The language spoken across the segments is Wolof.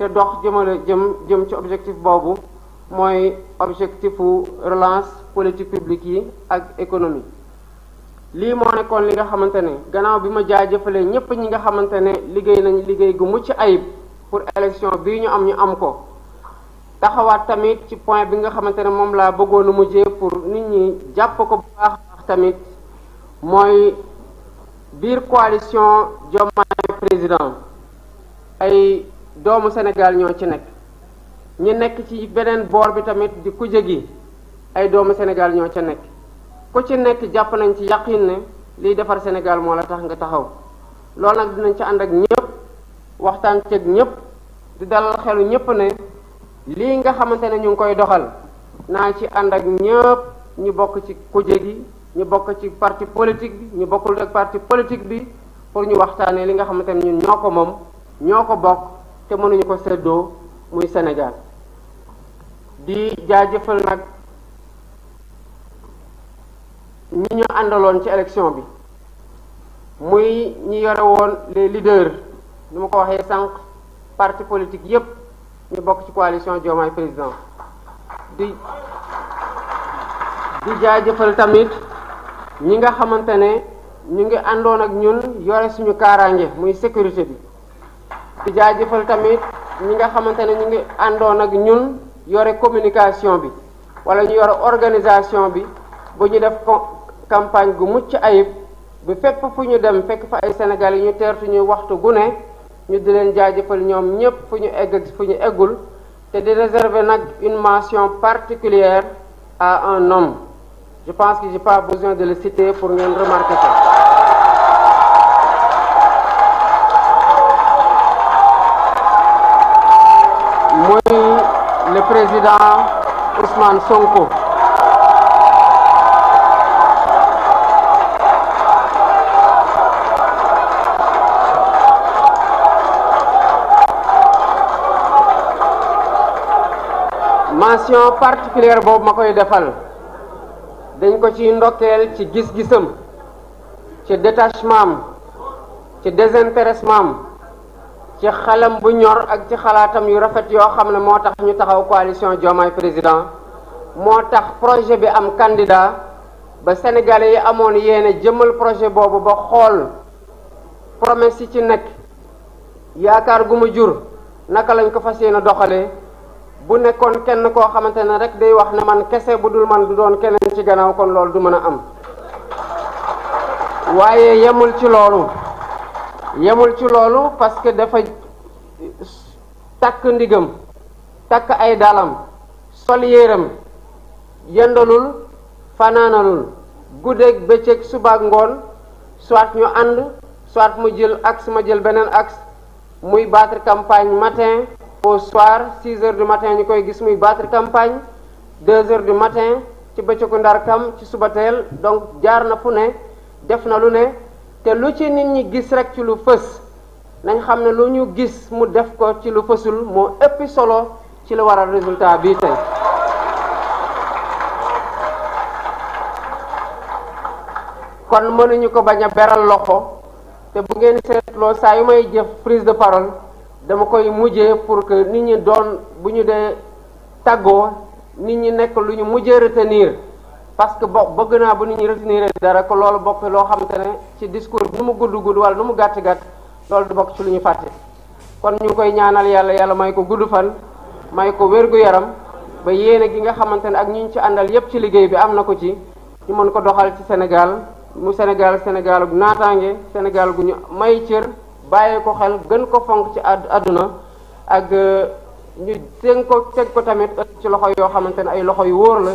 te dox jëmale jëm jëm ci objectif boobu mooy objectifu relance politique publique yi ak économie lii moo nekkoon li nga xamante ne gannaaw bi ma jaajëfalee ñépp ñi nga xamante ne liggéey nañu liggéey gu mucc ayib pour élection bii ñu am ñu am ko taxawaat tamit ci point bi nga xamante ne moom laa bëggoon mujjee pour nit ñi jàpp ko bu baax baax tamit mooy biir coalition Diomaye président ay doomu Sénégal ñoo ci nekk ñu nekk ci beneen boor bi tamit di kuje gi ay doomu Sénégal ñoo ca nekk ku ci nekk jàpp nañ ci yàqin ne liy defar Sénégal moo la tax nga taxaw loolu nag dinañ ci ànd ak ñëpp waxtaan ceeg ñëpp di dalal xelu ñëpp ne lii nga xamante ne ñu ngi koy doxal naa ci ànd ak ñëpp ñu bokk ci kuje gi ñu bokk ci parti politique bi ñu bokkul ak parti politique bi pour ñu waxtaanee li nga xamante ne ñun ñoo ko moom ñoo ko bokk te mënuñu ko seddoo muy Sénégal di jaajëfal nag ñi ñu àndaloon ci élection bi muy ñi yore woon les leaders nu ma ko waxee sànq parti politique yépp ñu bokk ci coalition Diomaye président di di jaajëfal tamit ñi nga xamante ne ñu ngi àndoon ak ñun yore suñu kaaraange muy sécurité bi di jaajëfal tamit ñi nga xamante ne ñu ngi àndoon ak ñun yore communication bi wala ñu yore organisation bi bu ñu def campagne gu mucc ayib bu fépp fu ñu dem fekk fa ay Sénégal yi ñu teertu ñu waxtu gune ne ñu di leen jaajëfal ñoom ñépp fu ñu egg fu ñu eggul te di réserver nag une mention particulière à un homme je pense que j'ai pas besoin de le citer pour ngeen remarquer ça mooy le président Ousmane Sonko mention particulière boobu ma koy defal dañ ko ci ndokkeel ci gis-gisam ci détachement ci désintéressement am ci xelam bu ñor ak ci xalaatam yu rafet yoo xam ne moo tax ñu taxaw coalition Diomaye président moo tax projet bi am candidat ba sénégalais yi amoon yéene jëmal projet boobu ba xool promesse yi ci nekk yaakaar gu mu jur naka lañ ko fas yéene doxalee bu nekkoon kenn koo xamante ne rek day wax ne man kese bu dul man du doon kenn ci gannaaw kon loolu du mën a am waaye yemul ci loolu yemul ci loolu parce que dafa takk ndigam takk ay dalam sol yéeram yëndalul fanaanalul guddeeg bëccëg subaak ngoon soit ñu ànd soit mu jël axe ma jël beneen axe muy battre campagne matin au soir 6 heures du matin ñu koy gis muy battre campagne 2 heures du matin ci bëccëgu ndar ci suba teel donc jaar na fu ne def na lu ne te lu ci nit ñi gis rekk ci lu fës nañ xam ne lu ñu gis mu def ko ci lu fësul moo ëpp solo ci la waral résultat bii tey kon mënuñu ko bañ a beral loxo te bu ngeen seetloo saa yu may jëf prise de parole dama koy mujjee pour que nit ñi doon bu ñu dee tàggoo nit ñi nekk lu ñu mujjee retenir parce que bo bëgg naa bu nit ñi retenir dara ko loolu bokk loo xamante ne ci discours bi nu mu gudd gudd wala nu mu gàtt gàtt loolu du bokk ci lu ñu fàtte kon ñu koy ñaanal yàlla yàlla may ko gudd fan may ko wér gu yaram ba yéene gi nga xamante ne ak ñu ci àndal yépp ci liggéey bi am na ko ci ñu mën ko doxal ci senegal mu Sénégal Sénégal gu naataange Sénégal gu ñu may cër bàyyee ko xel gën ko fonk ci àdduna ak euh, ñu teg ko teg ko tamit ci loxo yoo xamante ne ay loxo yu wóor la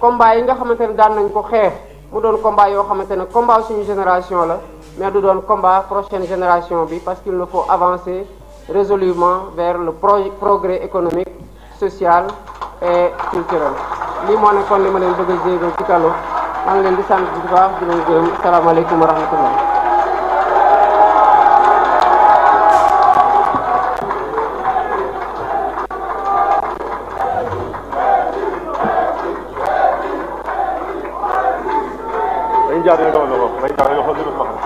combat yi nga xamante ne daan nañ ko xeex mu doon combat yoo xamante ne combat suñu génération la mais du doon combat prochaine génération bi parce qu'il nous faut avancer résolument vers le progrès économique social et culturel lii moo nekkoon li ma leen bëgg a jéego ci Kallo maa ngi leen di sant bu baax di leen gërëm salaamaaleykum wa rahmatullah rica ediyorum. Ben kahve yapabilirim.